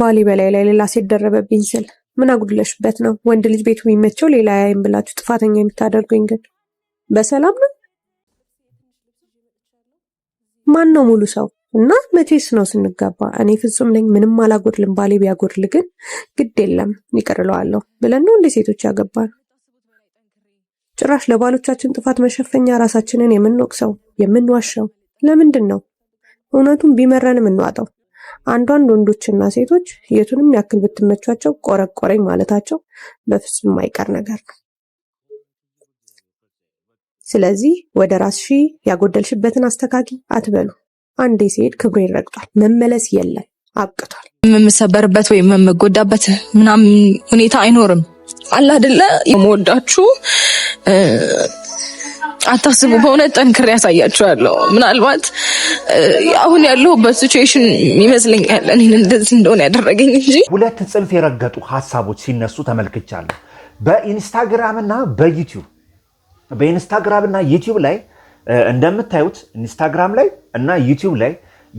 ባሌ በላይ ላይ ሌላ ሴት ደረበብኝ ስል ምን አጉድለሽበት ነው? ወንድ ልጅ ቤቱ የሚመቸው ሌላ ያይም ብላችሁ ጥፋተኛ የምታደርጉኝ ግን በሰላም ነው? ማን ነው ሙሉ ሰው እና መቼስ ነው ስንጋባ? እኔ ፍጹም ነኝ፣ ምንም አላጎድልም። ባሌ ቢያጎድል ግን ግድ የለም ይቅር ብለን ነው እንደ ሴቶች ያገባል ጭራሽ ለባሎቻችን ጥፋት መሸፈኛ ራሳችንን የምንወቅሰው የምንዋሸው ለምንድን ነው? እውነቱን ቢመረን የምንዋጠው አንዳንድ ወንዶችና ሴቶች የቱንም ያክል ብትመቿቸው ቆረቆረኝ ማለታቸው በፍጹም የማይቀር ነገር ነው። ስለዚህ ወደ ሺ ያጎደልሽበትን አስተካኪ አትበሉ። አንዴ ሲሄድ ክብሬን ረግጧል፣ መመለስ የለም፣ አብቅቷል፣ የምሰበርበት ወይም የምጎዳበት ምናምን ሁኔታ አይኖርም። አላደለ የምወዳችሁ አታስቡ። በእውነት ጠንክሬ ያሳያችኋለሁ። ምናልባት አሁን ያለሁበት ሲቹዌሽን ይመስለኛል እኔን እንደዚህ እንደሆነ ያደረገኝ እንጂ ሁለት ጽንፍ የረገጡ ሀሳቦች ሲነሱ ተመልክቻለሁ በኢንስታግራምና በዩቲዩብ በኢንስታግራምና ዩቲዩብ ላይ እንደምታዩት ኢንስታግራም ላይ እና ዩቲዩብ ላይ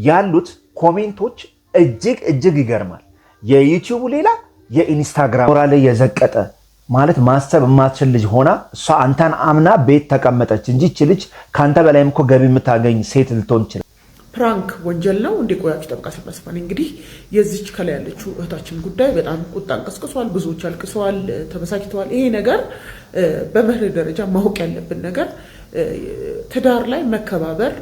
ያሉት ኮሜንቶች እጅግ እጅግ ይገርማል። የዩቲዩቡ ሌላ የኢንስታግራም ሞራል የዘቀጠ ማለት ማሰብ የማትችል ልጅ ሆና እሷ አንተን አምና ቤት ተቀመጠች እንጂ ይቺ ልጅ ከአንተ በላይም እኮ ገቢ የምታገኝ ሴት ልትሆን ይችላል። ፕራንክ ወንጀል ነው እንዴ? ቆያችሁ ጠብቃ ስመስፋን እንግዲህ የዚች ከላይ ያለችው እህታችን ጉዳይ በጣም ቁጣ እንቀስቅሷል። ብዙዎች አልቅሰዋል፣ ተበሳጭተዋል። ይሄ ነገር በመርህ ደረጃ ማወቅ ያለብን ነገር ትዳር ላይ መከባበር፣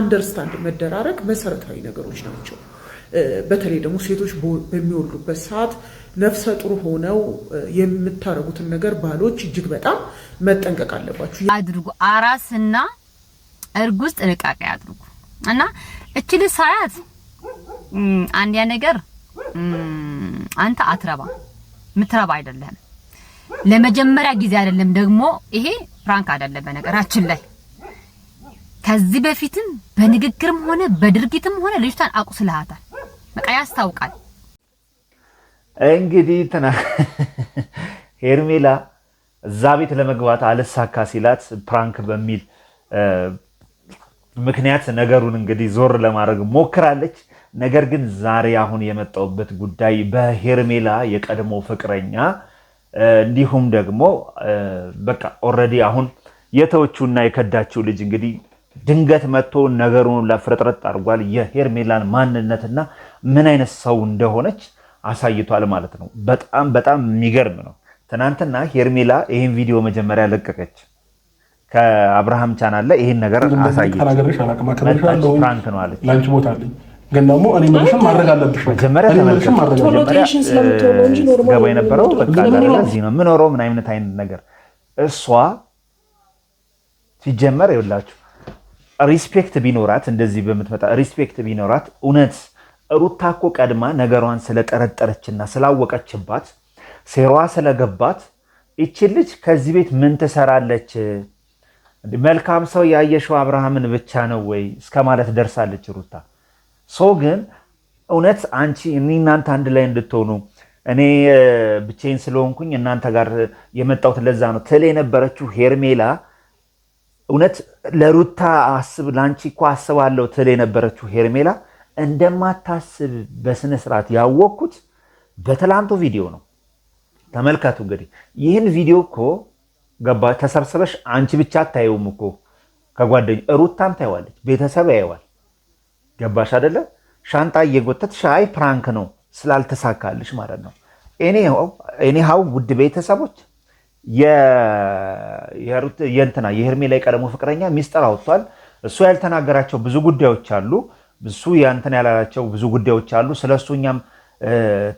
አንደርስታንድ መደራረግ መሰረታዊ ነገሮች ናቸው። በተለይ ደግሞ ሴቶች በሚወልዱበት ሰዓት ነፍሰ ጡር ሆነው የምታደርጉትን ነገር ባሎች እጅግ በጣም መጠንቀቅ አለባችሁ አድርጉ። አራስና እርጉዝ ጥንቃቄ አድርጉ እና እችል ሳያት አንዲያ ነገር አንተ አትረባ ምትረባ አይደለም። ለመጀመሪያ ጊዜ አይደለም ደግሞ ይሄ ፍራንክ አይደለም። በነገራችን ላይ ከዚህ በፊትም በንግግርም ሆነ በድርጊትም ሆነ ልጅቷን አቁስልሃታል። በቃ ያስታውቃል። እንግዲህ ሄርሜላ እዛ ቤት ለመግባት አልሳካ ሲላት ፕራንክ በሚል ምክንያት ነገሩን እንግዲህ ዞር ለማድረግ ሞክራለች። ነገር ግን ዛሬ አሁን የመጣውበት ጉዳይ በሄርሜላ የቀድሞ ፍቅረኛ እንዲሁም ደግሞ በቃ ኦልሬዲ አሁን የተወቹና የከዳችው ልጅ እንግዲህ ድንገት መጥቶ ነገሩን ለፍርጥርጥ አድርጓል። የሄርሜላን ማንነትና ምን አይነት ሰው እንደሆነች አሳይቷል ማለት ነው። በጣም በጣም የሚገርም ነው። ትናንትና ሄርሜላ ይህን ቪዲዮ መጀመሪያ ለቀቀች። ከአብርሃም ቻናል ላይ ይህን ነገር አሳየች። ፍራንክ ነው አለች። ግን ደግሞ እኔ መልሽም ማድረግ አለብሽ። መጀመሪያ ገባ የነበረው እዚህ ነው የምኖረው ምን አይነት አይነት ነገር እሷ ሲጀመር ይኸውላችሁ ሪስፔክት ቢኖራት እንደዚህ በምትመጣ ሪስፔክት ቢኖራት እውነት ሩታ እኮ ቀድማ ነገሯን ስለጠረጠረችና ስላወቀችባት ሴሯ ስለገባት ይቺ ልጅ ከዚህ ቤት ምን ትሰራለች? መልካም ሰው ያየሸው አብርሃምን ብቻ ነው ወይ እስከ ማለት ደርሳለች ሩታ። ሶ ግን እውነት አንቺ እኔ እናንተ አንድ ላይ እንድትሆኑ እኔ ብቼን ስለሆንኩኝ እናንተ ጋር የመጣሁት ለዛ ነው ትል የነበረችው ሄርሜላ እውነት ለሩታ አስብ ለአንቺ እኮ አስባለሁ ትል የነበረችው ሄርሜላ እንደማታስብ በስነ ስርዓት ያወቅኩት በትላንቱ ቪዲዮ ነው። ተመልከቱ እንግዲህ ይህን ቪዲዮ እኮ ገባ ተሰብስበሽ አንቺ ብቻ አታየውም እኮ ከጓደኛ ሩታም ታየዋለች፣ ቤተሰብ ያየዋል። ገባሽ አደለ? ሻንጣ እየጎተትሽ አይ ፕራንክ ነው ስላልተሳካልሽ ማለት ነው። እኔ ሀው ውድ ቤተሰቦች የእንትና የሄርሜላ የቀድሞ ፍቅረኛ ሚስጥር አውጥቷል። እሱ ያልተናገራቸው ብዙ ጉዳዮች አሉ። እሱ ያንተን ያላላቸው ብዙ ጉዳዮች አሉ። ስለሱ እኛም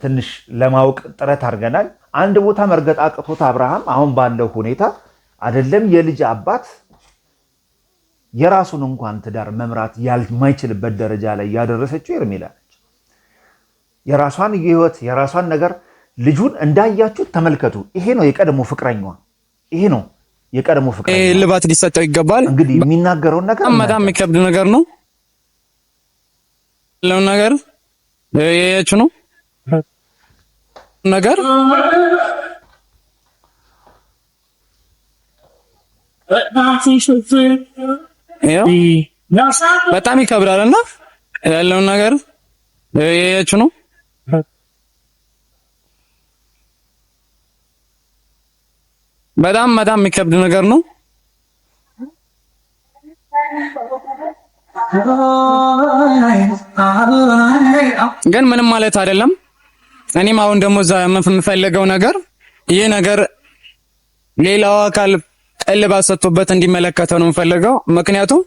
ትንሽ ለማወቅ ጥረት አድርገናል። አንድ ቦታ መርገጥ አቅቶት አብርሃም አሁን ባለው ሁኔታ አይደለም የልጅ አባት የራሱን እንኳን ትዳር መምራት ያልማይችልበት ደረጃ ላይ ያደረሰችው ሄርሜላ ነች። የራሷን ህይወት የራሷን ነገር ልጁን እንዳያችሁት ተመልከቱ። ይሄ ነው የቀድሞ ፍቅረኛ፣ ይሄ ነው የቀድሞ ፍቅረኛዋ። ልባት ሊሰጠው ይገባል። እንግዲህ የሚናገረውን ነገር በጣም የሚከብድ ነገር ነው። ያለውን ነገር ያያችሁ ነው ነገር በጣም ይከብራል እና ያለውን ነገር ያያችሁ ነው በጣም በጣም የሚከብድ ነገር ነው። ግን ምንም ማለት አይደለም። እኔም አሁን ደግሞ እዛ የምፈልገው ነገር ይህ ነገር ሌላው አካል እልባት ሰጥቶበት እንዲመለከተው ነው የምፈልገው። ምክንያቱም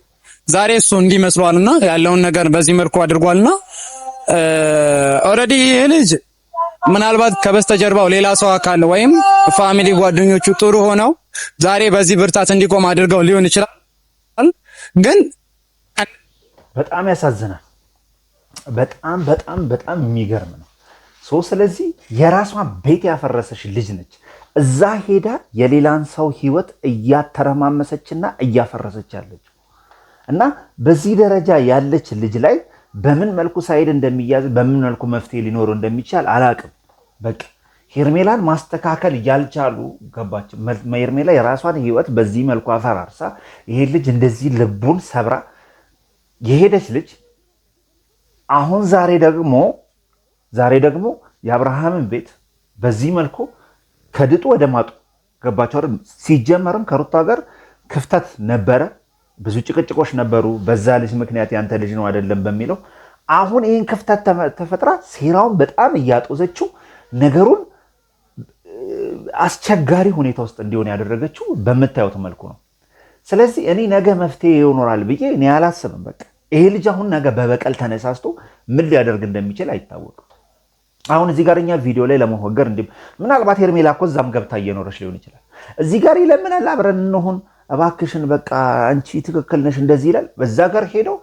ዛሬ እሱ እንዲመስሏልና ያለውን ነገር በዚህ መልኩ አድርጓልና ኦልሬዲ ይህ ልጅ ምናልባት ከበስተጀርባው ሌላ ሰው አካል ወይም ፋሚሊ ጓደኞቹ ጥሩ ሆነው ዛሬ በዚህ ብርታት እንዲቆም አድርገው ሊሆን ይችላል ግን በጣም ያሳዝናል። በጣም በጣም በጣም የሚገርም ነው። ሶ ስለዚህ የራሷን ቤት ያፈረሰች ልጅ ነች። እዛ ሄዳ የሌላን ሰው ህይወት እያተረማመሰችና እያፈረሰች ያለችው እና በዚህ ደረጃ ያለች ልጅ ላይ በምን መልኩ ሳይድ እንደሚያዝ በምን መልኩ መፍትሄ ሊኖረው እንደሚቻል አላቅም። በቃ ሄርሜላን ማስተካከል ያልቻሉ ገባቸው። ሄርሜላ የራሷን ህይወት በዚህ መልኩ አፈራርሳ ይሄ ልጅ እንደዚህ ልቡን ሰብራ የሄደች ልጅ አሁን ዛሬ ደግሞ ዛሬ ደግሞ የአብርሃምን ቤት በዚህ መልኩ ከድጡ ወደ ማጡ ገባቸው። ሲጀመርም ከሩታ ጋር ክፍተት ነበረ፣ ብዙ ጭቅጭቆች ነበሩ። በዛ ልጅ ምክንያት ያንተ ልጅ ነው አይደለም በሚለው አሁን ይህን ክፍተት ተፈጥራ ሴራውን በጣም እያጦዘችው ነገሩን አስቸጋሪ ሁኔታ ውስጥ እንዲሆን ያደረገችው በምታዩት መልኩ ነው። ስለዚህ እኔ ነገ መፍትሄ ይኖራል ብዬ እኔ አላስብም በቃ ይሄ ልጅ አሁን ነገ በበቀል ተነሳስቶ ምን ሊያደርግ እንደሚችል አይታወቅም። አሁን እዚህ ጋር እኛ ቪዲዮ ላይ ለመወገር እንዲም ምናልባት ሄርሜላ እኮ እዛም ገብታ እየኖረች ሊሆን ይችላል። እዚህ ጋር ይለምናል፣ አብረን እንሆን፣ እባክሽን በቃ አንቺ ትክክል ነሽ እንደዚህ ይላል። በዛ ጋር ሄደው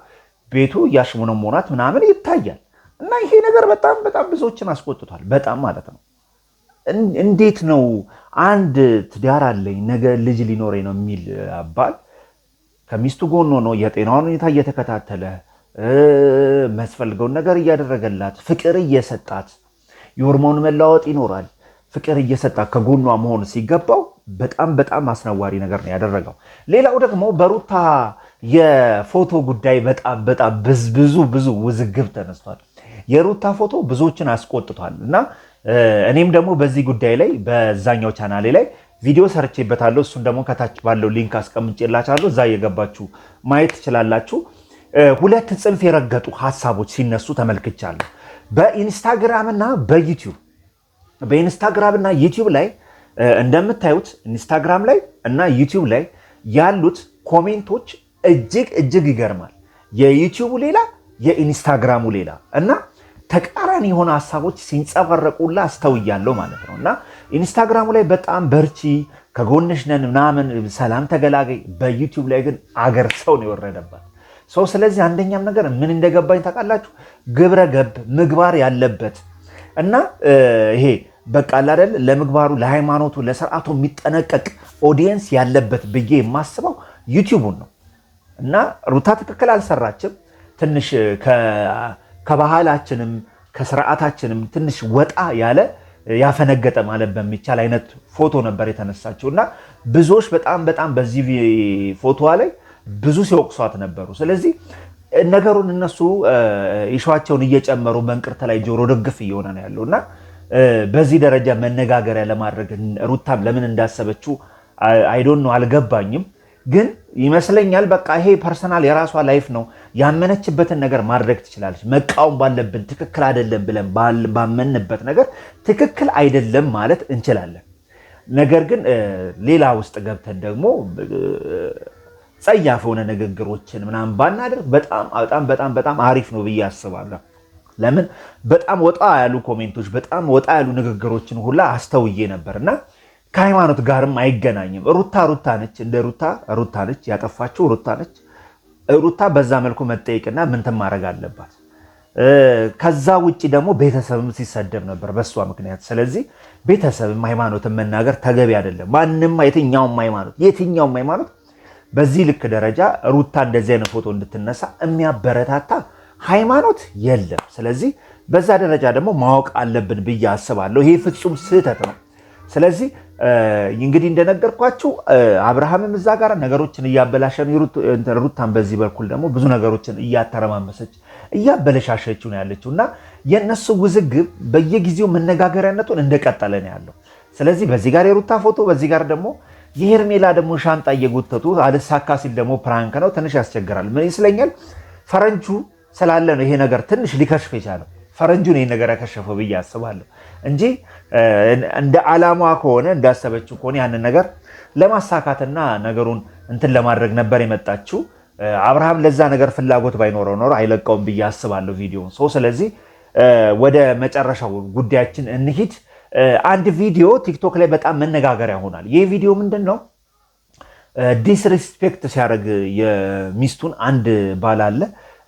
ቤቱ እያሽሙነ መሆናት ምናምን ይታያል። እና ይሄ ነገር በጣም በጣም ብዙዎችን አስቆጥቷል። በጣም ማለት ነው። እንዴት ነው አንድ ትዳር አለኝ ነገ ልጅ ሊኖረኝ ነው የሚል አባል ከሚስቱ ጎን ሆኖ የጤናዋን ሁኔታ እየተከታተለ የሚያስፈልገውን ነገር እያደረገላት ፍቅር እየሰጣት የሆርሞን መለዋወጥ ይኖራል። ፍቅር እየሰጣት ከጎኗ መሆን ሲገባው በጣም በጣም አስነዋሪ ነገር ነው ያደረገው። ሌላው ደግሞ በሩታ የፎቶ ጉዳይ በጣም በጣም ብዙ ብዙ ውዝግብ ተነስቷል። የሩታ ፎቶ ብዙዎችን አስቆጥቷል እና እኔም ደግሞ በዚህ ጉዳይ ላይ በዛኛው ቻናሌ ላይ ቪዲዮ ሰርቼበታለሁ። እሱን ደግሞ ከታች ባለው ሊንክ አስቀምጬላችኋለሁ። እዛ እየገባችሁ ማየት ትችላላችሁ። ሁለት ጽንፍ የረገጡ ሀሳቦች ሲነሱ ተመልክቻለሁ በኢንስታግራምና በዩቲዩብ በኢንስታግራምና ዩቲዩብ ላይ እንደምታዩት ኢንስታግራም ላይ እና ዩቲዩብ ላይ ያሉት ኮሜንቶች እጅግ እጅግ ይገርማል። የዩቲዩቡ ሌላ፣ የኢንስታግራሙ ሌላ እና ተቃራኒ የሆነ ሀሳቦች ሲንጸባረቁላ አስተውያለሁ ማለት ነው እና ኢንስታግራሙ ላይ በጣም በርቺ፣ ከጎንሽ ነን ምናምን፣ ሰላም ተገላገይ። በዩቲዩብ ላይ ግን አገር ሰው ነው የወረደባት ሰው። ስለዚህ አንደኛም ነገር ምን እንደገባኝ ታውቃላችሁ? ግብረ ገብ ምግባር ያለበት እና ይሄ በቃላደል አይደል ለምግባሩ፣ ለሃይማኖቱ፣ ለስርዓቱ የሚጠነቀቅ ኦዲየንስ ያለበት ብዬ የማስበው ዩቲዩቡን ነው። እና ሩታ ትክክል አልሰራችም። ትንሽ ከባህላችንም ከስርዓታችንም ትንሽ ወጣ ያለ ያፈነገጠ ማለት በሚቻል አይነት ፎቶ ነበር የተነሳችው እና ብዙዎች በጣም በጣም በዚህ ፎቶዋ ላይ ብዙ ሲወቅሷት ነበሩ። ስለዚህ ነገሩን እነሱ ይሸዋቸውን እየጨመሩ በእንቅርት ላይ ጆሮ ደግፍ እየሆነ ነው ያለው እና በዚህ ደረጃ መነጋገሪያ ለማድረግ ሩታም ለምን እንዳሰበችው አይዶን ነው አልገባኝም። ግን ይመስለኛል በቃ ይሄ ፐርሰናል የራሷ ላይፍ ነው። ያመነችበትን ነገር ማድረግ ትችላለች። መቃወም ባለብን ትክክል አይደለም ብለን ባመንበት ነገር ትክክል አይደለም ማለት እንችላለን። ነገር ግን ሌላ ውስጥ ገብተን ደግሞ ጸያፍ የሆነ ንግግሮችን ምናምን ባናደርግ በጣም በጣም በጣም በጣም አሪፍ ነው ብዬ አስባለሁ። ለምን በጣም ወጣ ያሉ ኮሜንቶች፣ በጣም ወጣ ያሉ ንግግሮችን ሁላ አስተውዬ ነበር እና ከሃይማኖት ጋርም አይገናኝም። ሩታ ሩታ ነች፣ እንደ ሩታ ሩታ ነች፣ ያጠፋችው ሩታ ነች። ሩታ በዛ መልኩ መጠየቅና ምንትን ማድረግ አለባት። ከዛ ውጭ ደግሞ ቤተሰብም ሲሰደብ ነበር በእሷ ምክንያት። ስለዚህ ቤተሰብም ሃይማኖትን መናገር ተገቢ አይደለም። ማንም የትኛውም ሃይማኖት የትኛውም ሃይማኖት በዚህ ልክ ደረጃ ሩታ እንደዚህ አይነት ፎቶ እንድትነሳ የሚያበረታታ ሃይማኖት የለም። ስለዚህ በዛ ደረጃ ደግሞ ማወቅ አለብን ብዬ አስባለሁ። ይሄ ፍጹም ስህተት ነው። ስለዚህ እንግዲህ እንደነገርኳችሁ አብርሃምም እዛ ጋር ነገሮችን እያበላሸ ሩታን በዚህ በኩል ደግሞ ብዙ ነገሮችን እያተረማመሰች እያበለሻሸችው ነው ያለችው እና የእነሱ ውዝግብ በየጊዜው መነጋገሪያነቱን እንደቀጠለ ነው ያለው። ስለዚህ በዚህ ጋር የሩታ ፎቶ፣ በዚህ ጋር ደግሞ የሄርሜላ ደግሞ ሻንጣ እየጎተቱ አልሳካ ሲል ደግሞ ፕራንክ ነው። ትንሽ ያስቸግራል ይመስለኛል ፈረንቹ ስላለ ነው ይሄ ነገር ትንሽ ሊከሽፍ የቻለው። ፈረንጁን ይህን ነገር ያከሸፈው ብዬ አስባለሁ እንጂ እንደ አላማዋ ከሆነ እንዳሰበችው ከሆነ ያንን ነገር ለማሳካትና ነገሩን እንትን ለማድረግ ነበር የመጣችው። አብርሃም ለዛ ነገር ፍላጎት ባይኖረው ኖሮ አይለቀውም ብዬ አስባለሁ ቪዲዮውን ሰው። ስለዚህ ወደ መጨረሻው ጉዳያችን እንሂድ። አንድ ቪዲዮ ቲክቶክ ላይ በጣም መነጋገሪያ ሆኗል። ይህ ቪዲዮ ምንድን ነው? ዲስሪስፔክት ሲያደርግ የሚስቱን አንድ ባል አለ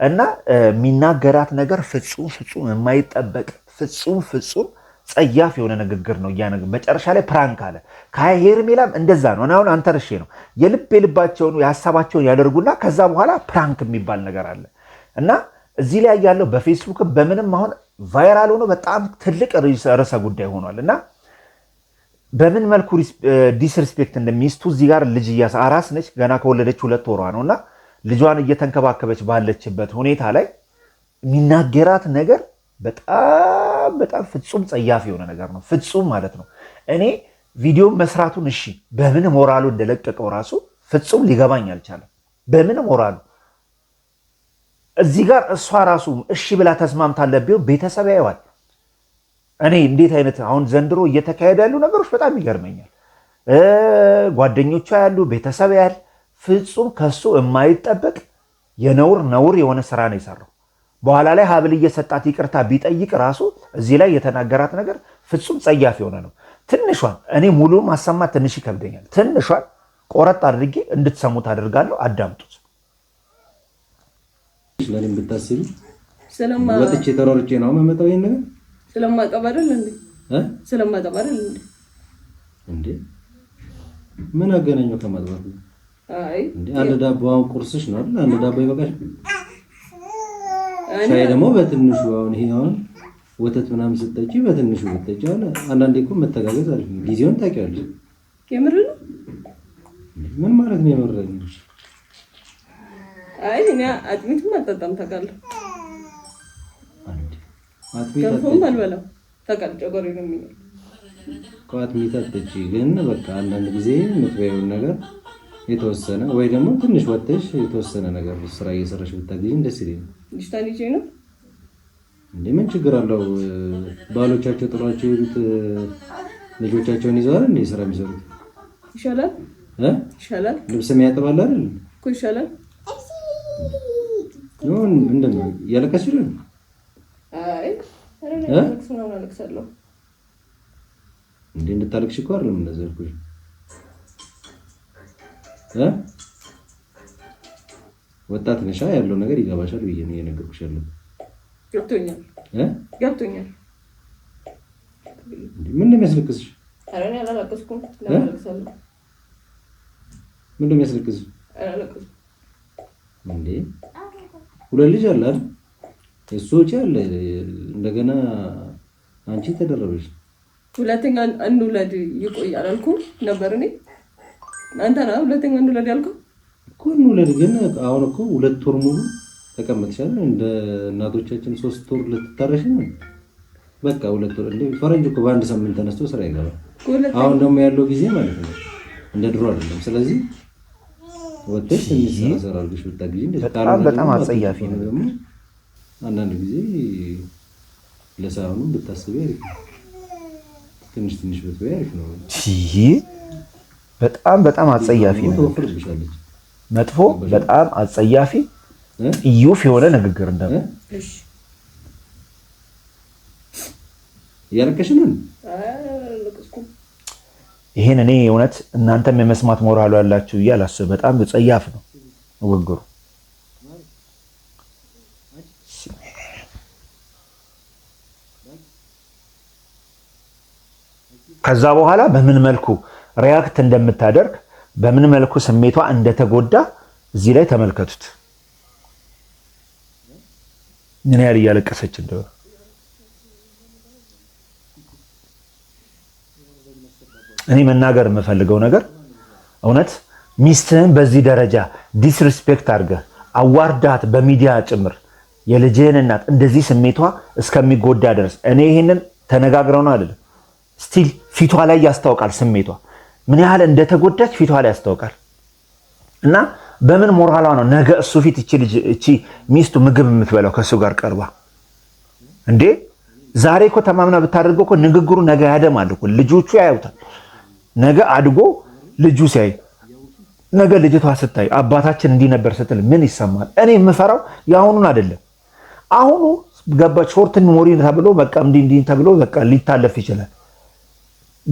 እና የሚናገራት ነገር ፍጹም ፍጹም የማይጠበቅ ፍጹም ፍጹም ጸያፍ የሆነ ንግግር ነው። እያ መጨረሻ ላይ ፕራንክ አለ ከሄርሜላም እንደዛ ነው። አሁን ርሼ ነው የልብ የልባቸውን የሀሳባቸውን ያደርጉና ከዛ በኋላ ፕራንክ የሚባል ነገር አለ እና እዚህ ላይ ያለው በፌስቡክ በምንም አሁን ቫይራል ሆኖ በጣም ትልቅ ርዕሰ ጉዳይ ሆኗል እና በምን መልኩ ዲስሪስፔክት እንደሚስቱ እዚህ ጋር ልጅ እያስ አራስ ነች ገና ከወለደች ሁለት ወሯ ነው እና ልጇን እየተንከባከበች ባለችበት ሁኔታ ላይ የሚናገራት ነገር በጣም በጣም ፍጹም ጸያፍ የሆነ ነገር ነው። ፍጹም ማለት ነው። እኔ ቪዲዮ መስራቱን እሺ፣ በምን ሞራሉ እንደለቀቀው ራሱ ፍጹም ሊገባኝ አልቻለም። በምን ሞራሉ እዚህ ጋር እሷ ራሱ እሺ ብላ ተስማምታለ ቢሆን ቤተሰብ ያየዋል። እኔ እንዴት አይነት አሁን ዘንድሮ እየተካሄደ ያሉ ነገሮች በጣም ይገርመኛል። ጓደኞቿ ያሉ ቤተሰብ ያል ፍጹም ከሱ የማይጠበቅ የነውር ነውር የሆነ ስራ ነው የሰራው። በኋላ ላይ ሀብል እየሰጣት ይቅርታ ቢጠይቅ ራሱ እዚህ ላይ የተናገራት ነገር ፍጹም ጸያፍ የሆነ ነው። ትንሿን እኔ ሙሉ ማሰማት ትንሽ ይከብደኛል። ትንሿን ቆረጥ አድርጌ እንድትሰሙት አድርጋለሁ። አዳምጡት። ለኔ ብታስቢ ወጥቼ ነው የምመጣው። ነገር እንዴ? ምን አገናኘው ከማጥባት ነው አንድ ዳቦ አሁን ቁርስሽ ነው አይደል? አንድ ዳቦ ይበቃሽ። ሻይ ደግሞ በትንሹ አሁን ይሄ አሁን ወተት ምናምን ስጠጪ በትንሹ ብጠጪ። አሁን አንዳንዴ እኮ መተጋገዝ አለ። ጊዜውን ታውቂዋለሽ። የምር ነው። ምን ማለት ነው የምር ነው? አይ እኔ አጥሚትም አልጠጣም ታውቃለህ። አጥሚት አትጠጪ ግን በቃ አንዳንድ ጊዜ የምትበይውን ነገር የተወሰነ ወይ ደግሞ ትንሽ ወጥተሽ የተወሰነ ነገር ስራ እየሰራሽ ብታገኝ ደስ ይለኛል። ልጅ ነው እንዴ? ምን ችግር አለው? ባሎቻቸው ጥሏቸው የሄዱት ልጆቻቸውን ይዘዋል እንዴ? ስራ የሚሰሩት ይሻላል እ ይሻላል። ልብስ የሚያጥባል አይደል እኮ ይሻላል። ምንድን ነው እያለቀስሽ ነው? እንዴ እንድታለቅሽ እኮ አይደለም እንደዚህ ያልኩሽ ወጣት ነሻ፣ ያለው ነገር ይገባሻል ብዬ ነው የነገርኩሽ። ያለው ገብቶኛል ሁለት ልጅ አለ አይደል? እሱ ውጪ አለ እንደገና አንቺ ተደረበች ሁለተኛ እንውለድ ይቆያል አልኩ ነበር እኔ እንትና ሁለተኛ እንውለድ ያልከው እኮ እንውለድ። ግን አሁን እኮ ሁለት ወር ሙሉ ተቀምጥሻል። እንደ እናቶቻችን ሶስት ወር ልትታረሽ ነው። በቃ ሁለት ወር እንደ ፈረንጅ እኮ በአንድ ሳምንት ተነስቶ ስራ ይገባል። አሁን ደግሞ ያለው ጊዜ ማለት ነው እንደ ድሮ አይደለም። ስለዚህ ወጥተሽ ትንሽ ስራ ስራ አድርገሽ ብታግዢ በጣም በጣም አጸያፊ ነው። ደግሞ አንዳንድ ጊዜ ለሳሁኑ ብታስቢ አሪፍ ነው። ትንሽ ትንሽ ብትበይ አሪፍ ነው። በጣም በጣም አጸያፊ ንግግር፣ መጥፎ በጣም አጸያፊ ጥዩፍ የሆነ ንግግር እንደም ይሄን እኔ እውነት እናንተም የመስማት ሞራሉ ያላችሁ ብዬ አላስብም። በጣም ጸያፍ ነው ንግግሩ። ከዛ በኋላ በምን መልኩ ሪያክት እንደምታደርግ በምን መልኩ ስሜቷ እንደተጎዳ እዚህ ላይ ተመልከቱት። ምን ያህል እያለቀሰች እንደሆነ እኔ መናገር የምፈልገው ነገር እውነት ሚስትህን በዚህ ደረጃ ዲስሪስፔክት አድርገህ አዋርዳት በሚዲያ ጭምር የልጅህን እናት እንደዚህ ስሜቷ እስከሚጎዳ ድረስ እኔ ይህንን ተነጋግረው ነው አይደለም፣ ስቲል ፊቷ ላይ ያስታውቃል ስሜቷ ምን ያህል እንደተጎዳች ፊቷ ላይ ያስታውቃል። እና በምን ሞራሏ ነው ነገ እሱ ፊት እቺ ሚስቱ ምግብ የምትበላው ከእሱ ጋር ቀርባ? እንዴ ዛሬ እኮ ተማምና ብታደርገው እኮ ንግግሩ ነገ ያደማል እኮ ልጆቹ ያዩታል። ነገ አድጎ ልጁ ሲያይ ነገ ልጅቷ ስታይ አባታችን እንዲህ ነበር ስትል ምን ይሰማል? እኔ የምፈራው የአሁኑን አይደለም። አሁኑ ገባች ሾርት ሞሪ ተብሎ በቃ እንዲህ እንዲህ ተብሎ በቃ ሊታለፍ ይችላል።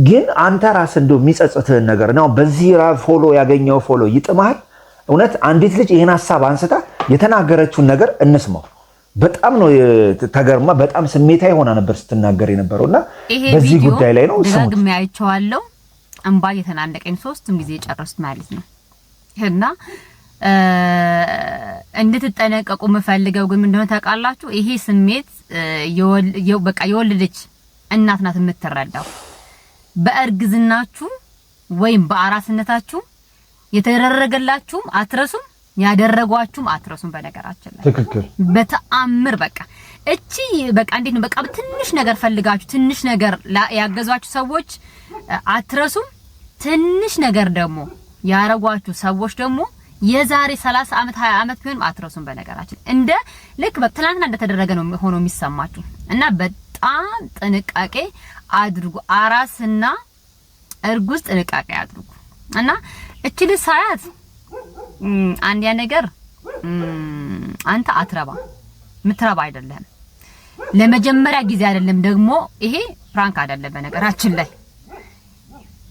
ግን አንተ ራስ እንደው የሚጸጽትህን ነገር ነው። በዚህ ፎሎ ያገኘው ፎሎ ይጥማል። እውነት አንዲት ልጅ ይህን ሀሳብ አንስታ የተናገረችውን ነገር እንስማው። በጣም ነው ተገርማ፣ በጣም ስሜታ የሆና ነበር ስትናገር የነበረው እና በዚህ ጉዳይ ላይ ነው ደግሜ አይቼዋለሁ። እንባ የተናነቀኝ ሶስትም ጊዜ ጨረስኩት ማለት ነው እና እንድትጠነቀቁ የምፈልገው ግን እንደሆነ ታውቃላችሁ? ይሄ ስሜት በቃ የወለደች እናት ናት የምትረዳው በእርግዝናችሁ ወይም በአራስነታችሁ የተደረገላችሁም አትረሱም፣ ያደረጓችሁም አትረሱም። በነገራችን ላይ ትክክል በተአምር በቃ እቺ በቃ እንዴት ነው በቃ ትንሽ ነገር ፈልጋችሁ ትንሽ ነገር ያገዟችሁ ሰዎች አትረሱም። ትንሽ ነገር ደግሞ ያረጓችሁ ሰዎች ደግሞ የዛሬ 30 ዓመት 20 ዓመት ቢሆንም አትረሱም። በነገራችን እንደ ልክ በትላንትና እንደተደረገ ነው ሆኖ የሚሰማችሁ እና በጣም ጥንቃቄ አድርጉ። አራስና እርጉዝ ጥንቃቄ አድርጉ እና እችል ሳያት አንዲያ ነገር አንተ አትረባ ምትረባ አይደለም። ለመጀመሪያ ጊዜ አይደለም ደግሞ ይሄ ፍራንክ አይደለም። በነገራችን ላይ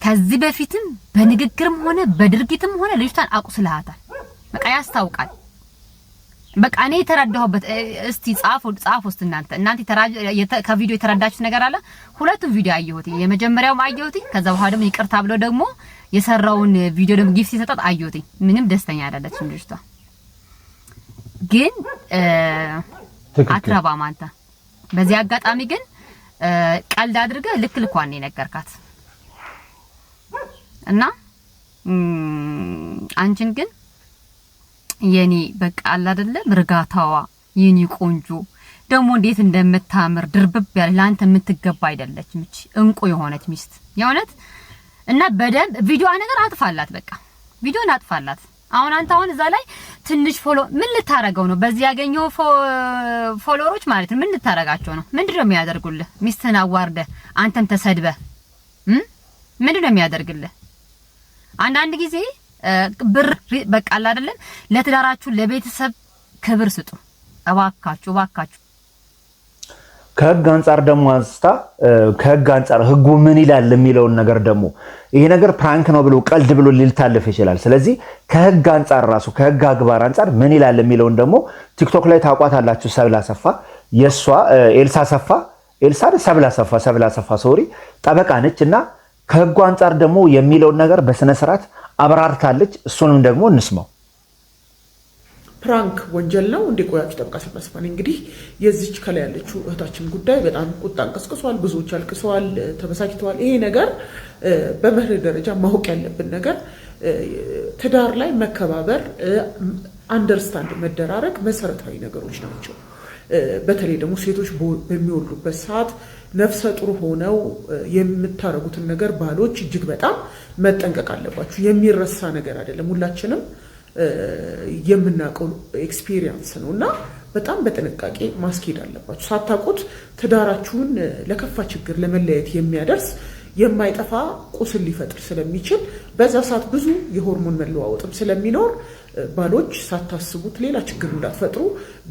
ከዚህ በፊትም በንግግርም ሆነ በድርጊትም ሆነ ልጅቷን አቁስልሃታል። በቃ ያስታውቃል። በቃ እኔ የተረዳሁበት እስቲ ጻፉ ጻፉ ውስጥ እናንተ እናንተ ከቪዲዮ የተረዳችሁት ነገር አለ። ሁለቱም ቪዲዮ አየሁት፣ የመጀመሪያውም አየሁት። ከዛ በኋላ ደግሞ ይቅርታ ብሎ ደግሞ የሰራውን ቪዲዮ ደግሞ ጊፍት ሲሰጣት አየሁት። ምንም ደስተኛ አይደለችም ልጅቷ። ግን አትረባም አንተ። በዚህ አጋጣሚ ግን ቀልድ አድርገህ ልክ ልኳን የነገርካት እና አንቺን ግን የኔ በቃ አለ አይደለም እርጋታዋ የኔ ቆንጆ ደግሞ እንዴት እንደምታምር ድርብብ ያለ ለአንተ የምትገባ አይደለች ምች እንቁ የሆነች ሚስት የእውነት እና በደንብ ቪዲዮ ነገር አጥፋላት። በቃ ቪዲዮን አጥፋላት። አሁን አንተ አሁን እዛ ላይ ትንሽ ፎሎ ምን ልታረገው ነው? በዚህ ያገኘው ፎሎወሮች ማለት ነው ምን ልታረጋቸው ነው? ምንድን ነው የሚያደርጉልህ? ሚስትህን አዋርደህ አንተም ተሰድበ ምንድን ነው የሚያደርግልህ? አንዳንድ ጊዜ ብር በቃል አይደለም። ለትዳራችሁ ለቤተሰብ ክብር ስጡ እባካችሁ፣ እባካችሁ። ከህግ አንጻር ደግሞ አንስታ ከህግ አንጻር ህጉ ምን ይላል የሚለውን ነገር ደግሞ ይሄ ነገር ፕራንክ ነው ብሎ ቀልድ ብሎ ሊታለፍ ይችላል። ስለዚህ ከህግ አንጻር ራሱ ከህግ አግባር አንጻር ምን ይላል የሚለውን ደግሞ ቲክቶክ ላይ ታውቋታላችሁ። ሰብላ ሰፋ የእሷ ኤልሳ ሰፋ ኤልሳ ሰብላ ሰፋ ሰብላ ሰፋ ሶሪ ጠበቃ ነች እና ከህጉ አንጻር ደግሞ የሚለውን ነገር በስነስርዓት አብራርታለች። እሱንም ደግሞ እንስማው። ፕራንክ ወንጀል ነው እንዴ? ቆያችሁ ጠብቃ እንግዲህ የዚች ከላይ ያለችው እህታችን ጉዳይ በጣም ቁጣ እንቀስቅሷል። ብዙዎች አልቅሰዋል፣ ተበሳጭተዋል። ይሄ ነገር በመርህ ደረጃ ማወቅ ያለብን ነገር ትዳር ላይ መከባበር፣ አንደርስታንድ መደራረግ መሰረታዊ ነገሮች ናቸው። በተለይ ደግሞ ሴቶች በሚወልዱበት ሰዓት ነፍሰ ጡር ሆነው የምታደርጉትን ነገር ባሎች እጅግ በጣም መጠንቀቅ አለባችሁ። የሚረሳ ነገር አይደለም። ሁላችንም የምናውቀው ኤክስፒሪየንስ ነው እና በጣም በጥንቃቄ ማስኬድ አለባችሁ። ሳታውቁት ትዳራችሁን ለከፋ ችግር፣ ለመለየት የሚያደርስ የማይጠፋ ቁስል ሊፈጥር ስለሚችል በዛ ሰዓት ብዙ የሆርሞን መለዋወጥም ስለሚኖር ባሎች ሳታስቡት ሌላ ችግር እንዳትፈጥሩ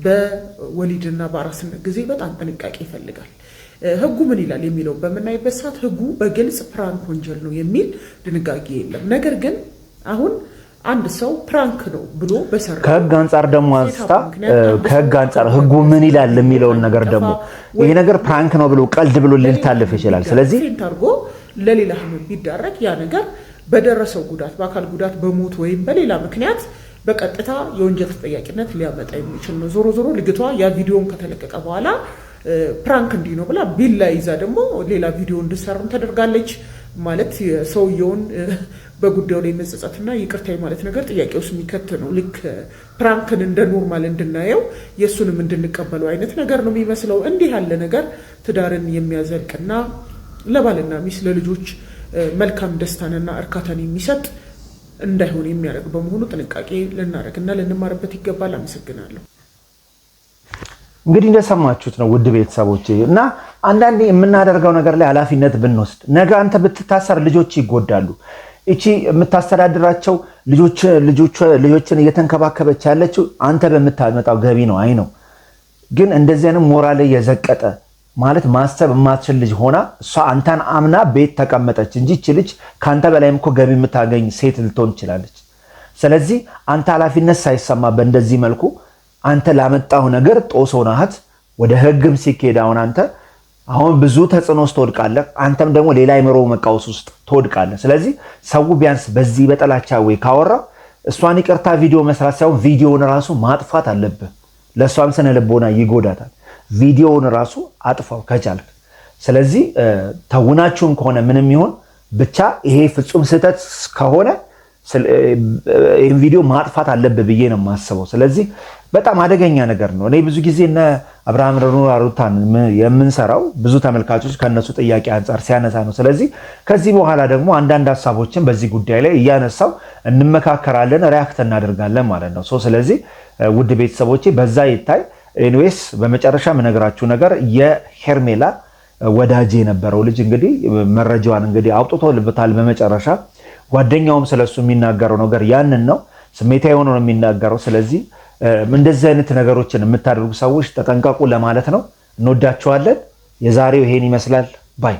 በወሊድና በአራስነት ጊዜ በጣም ጥንቃቄ ይፈልጋል። ህጉ ምን ይላል የሚለው በምናይበት ሰዓት ህጉ በግልጽ ፕራንክ ወንጀል ነው የሚል ድንጋጌ የለም። ነገር ግን አሁን አንድ ሰው ፕራንክ ነው ብሎ በሰራ ከህግ አንጻር ደግሞ አንስታ ከህግ አንጻር ህጉ ምን ይላል የሚለውን ነገር ደግሞ ይሄ ነገር ፕራንክ ነው ብሎ ቀልድ ብሎ ሊታለፍ ይችላል። ስለዚህ አድርጎ ለሌላ ህመም ቢዳረግ ያ ነገር በደረሰው ጉዳት በአካል ጉዳት በሞት ወይም በሌላ ምክንያት በቀጥታ የወንጀል ተጠያቂነት ሊያመጣ የሚችል ነው። ዞሮ ዞሮ ልግቷ ያ ቪዲዮን ከተለቀቀ በኋላ ፕራንክ እንዲህ ነው ብላ ቢላ ይዛ ደግሞ ሌላ ቪዲዮ እንድሰሩም ተደርጋለች። ማለት የሰውየውን በጉዳዩ ላይ መጸጸትና ይቅርታ ማለት ነገር ጥያቄ ውስጥ የሚከት ነው። ልክ ፕራንክን እንደ ኖርማል እንድናየው የእሱንም እንድንቀበለው አይነት ነገር ነው የሚመስለው። እንዲህ ያለ ነገር ትዳርን የሚያዘልቅና ለባልና ሚስት ለልጆች መልካም ደስታንና እርካታን የሚሰጥ እንዳይሆን የሚያደርግ በመሆኑ ጥንቃቄ ልናደርግና ልንማርበት ይገባል። አመሰግናለሁ። እንግዲህ እንደሰማችሁት ነው ውድ ቤተሰቦች እና አንዳንዴ የምናደርገው ነገር ላይ ኃላፊነት ብንወስድ ነገ አንተ ብትታሰር ልጆች ይጎዳሉ። እቺ የምታስተዳድራቸው ልጆችን እየተንከባከበች ያለችው አንተ በምታመጣው ገቢ ነው። አይ ነው ግን እንደዚህ ሞራል የዘቀጠ ማለት ማሰብ የማትችል ልጅ ሆና እሷ አንተን አምና ቤት ተቀመጠች እንጂ እቺ ልጅ ከአንተ በላይም እኮ ገቢ የምታገኝ ሴት ልትሆን ትችላለች። ስለዚህ አንተ ኃላፊነት ሳይሰማ በእንደዚህ መልኩ አንተ ላመጣው ነገር ጦሶ ናሃት ወደ ህግም ሲኬድ አሁን አንተ አሁን ብዙ ተጽዕኖ ውስጥ ትወድቃለህ። አንተም ደግሞ ሌላ የምሮ መቃወስ ውስጥ ትወድቃለህ። ስለዚህ ሰው ቢያንስ በዚህ በጠላቻ ወይ ካወራ እሷን ይቅርታ ቪዲዮ መስራት ሳይሆን ቪዲዮውን ራሱ ማጥፋት አለብህ። ለእሷም ስነ ልቦና ይጎዳታል። ቪዲዮውን ራሱ አጥፋው ከቻልክ። ስለዚህ ተውናችሁም ከሆነ ምንም ይሆን ብቻ ይሄ ፍጹም ስህተት ከሆነ ይህን ቪዲዮ ማጥፋት አለብህ ብዬ ነው የማስበው። ስለዚህ በጣም አደገኛ ነገር ነው። እኔ ብዙ ጊዜ እነ አብርሃም ሩታን የምንሰራው ብዙ ተመልካቾች ከእነሱ ጥያቄ አንጻር ሲያነሳ ነው። ስለዚህ ከዚህ በኋላ ደግሞ አንዳንድ ሀሳቦችን በዚህ ጉዳይ ላይ እያነሳው እንመካከራለን፣ ሪያክት እናደርጋለን ማለት ነው። ስለዚህ ውድ ቤተሰቦቼ በዛ ይታይ። ኤኒዌይስ በመጨረሻ የምነግራችሁ ነገር የሄርሜላ ወዳጅ የነበረው ልጅ እንግዲህ መረጃዋን እንግዲህ አውጥቶልበታል። በመጨረሻ ጓደኛውም ስለሱ የሚናገረው ነገር ያንን ነው። ስሜታ የሆነ ነው የሚናገረው። ስለዚህ እንደዚህ አይነት ነገሮችን የምታደርጉ ሰዎች ተጠንቀቁ ለማለት ነው። እንወዳችኋለን። የዛሬው ይሄን ይመስላል ባይ